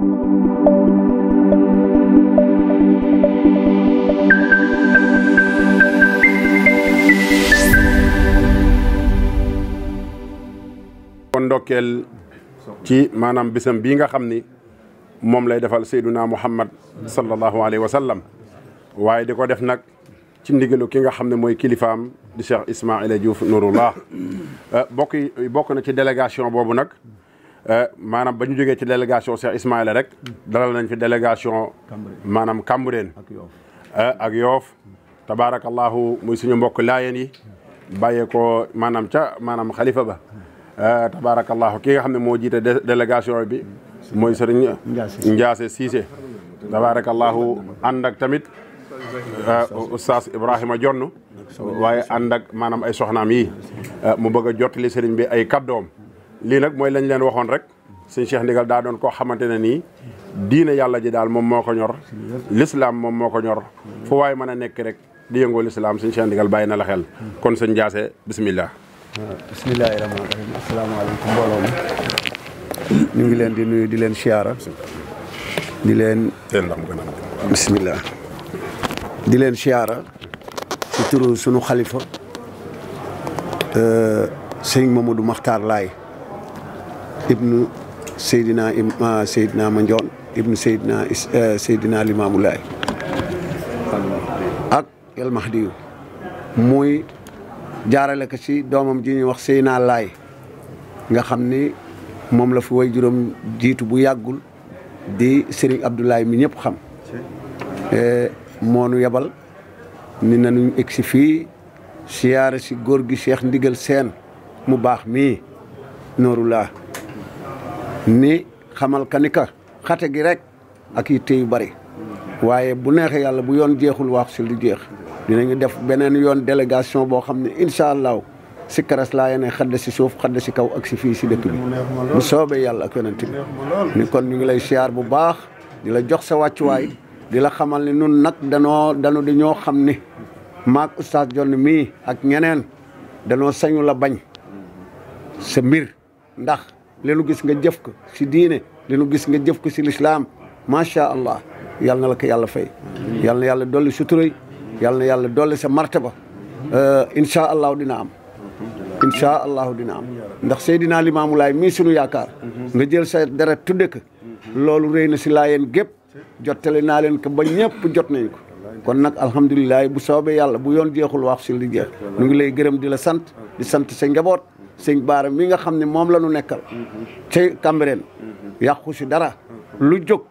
kon ndokkeel ci maanaam bisam bii nga xam ni moom lay defal sayduna muhammad sallallahu alayhi wa sallam waaye di ko def nag ci ndigalu ki nga xam ne mooy kilifaam di Cheikh Ismaila Diouf Nouroullah eh, bokk bokk na ci délégation boobu nag Eh, maanaam ba ñu jógee ci délégation Cheikh Ismaïla rek dalal nañ fi délégation maanaam Cambérène ak Yoff eh, tabaarakallahu muy suñu mbokk laayeen yi bàyyee ko maanaam ca maanaam xalifa ba eh, tabaarakallahu ki nga xam ne moo jiite délégation bi mooy sëriñ Ndiasse Cissé tabaarakallahu ànd ak tamit oustaz Ibrahima Jonn waaye ànd ak maanaam ay soxnaam yi mu bëgg a jottali sëriñ bi ay kaddoom lii nag mooy lañ leen waxoon rek suñ Cheikh Ndigal daa doon koo xamante ne nii diina yàlla ji daal moom moo ko ñor l'islam moom moo ko ñor fu waaye mën a nekk rek di yëngoo l'islam suñ Cheikh Ndigal bàyyi na la xel kon sëñ Ndiassé bismillah bismillahi rahmaani ngi leen di nuyu di leen siyaara di leen bismillah di leen siyaara ci turu sunu xalifa euh, sëñ Mamadou Makhtar Laay ibnu Seydina Ima ah, Seydina Mandione ibnu Seydina eh, Seydina Limaamu ak El Mahdiyu muy jaarale ko si doomam ji ñuy wax Seydina Laay nga xam ni moom la fi way juróom jiitu bu yàggul di Serigne Abdoulaye mi ñëpp xam eh, moonu yebal ni nañu egg si fii siyaare si góor gi Cheikh Ndigal Seen mu baax mii nooru ni xamal ka ni ka xate gi rek ak yitte yu bari waaye bu neexee yàlla bu yoon jeexul waax si lu jeex dinañu def beneen yoon délégation boo xam ne incha allahu si karas laa yéene xadd si suuf xadd si kaw ak si fii si dëkk bi bu soobee yàlla ak yonent bi ni kon ñu ngi lay siyaar bu baax di la jox sa wàccuwaay di la xamal ne nun nag danoo danu di ñoo xam ni maak jon jonn mii ak ñeneen danoo sañul a bañ sa mbir ndax li nu gis nga jëf ko si diine li nu gis nga jëf ko si lislaam macha allah yal na la ko yàlla fay yal na yàlla dolli suturay yal na yàlla dolli sa martaba euh, incha allahu dina am incha allahu dina am ndax Seydina Limaamu Laay mii sunu yaakaar nga jël sa dara tudde ko loolu rëy na si laayeen gépp jottale naa leen ko ba ñëpp jot nañ ko kon nag alhamdulilah bu soobee yàlla bu yoon jeexul wax si li jeex nu ngi lay gërëm di la sant di sant sa njaboot sëñ Baara mii nga xam ne moom la ñu nekkal mm-hmm. ca Cambérène mm-hmm. yàqu si dara mm-hmm. lu jóg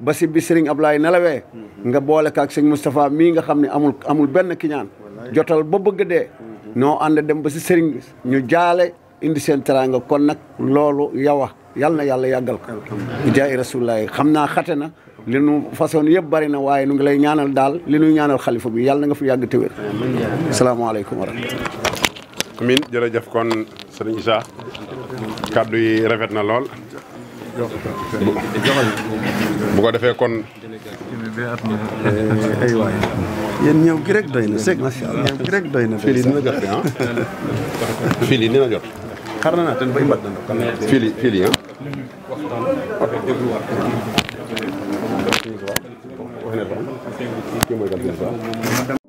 ba si bi sëriñ Ablaye nelawee nga boole ko ak sëñ Moustapha mii nga xam ne amul amul benn kiñaan jotal ba bëgg dee ñoo ànd dem ba si sëriñ bi ñu jaale indi seen teraanga kon nag loolu yow a yal na yàlla yàggal ko jaay rasulullahi xam naa xate na li nu façon yëpp bari na waaye nu ngi lay ñaanal daal li nuy ñaanal xalifa bi yàlla na nga fi yàgg te wér salaamaaleykum wa sëriñ sa kàddu yi rafet na lool bu ko defee kon ay waay yéen ñëw gi rek doy na sëg macha allah na fii lii dina jot ah lii dina jot xar na naa ten bay mbat na fii lii fii ah.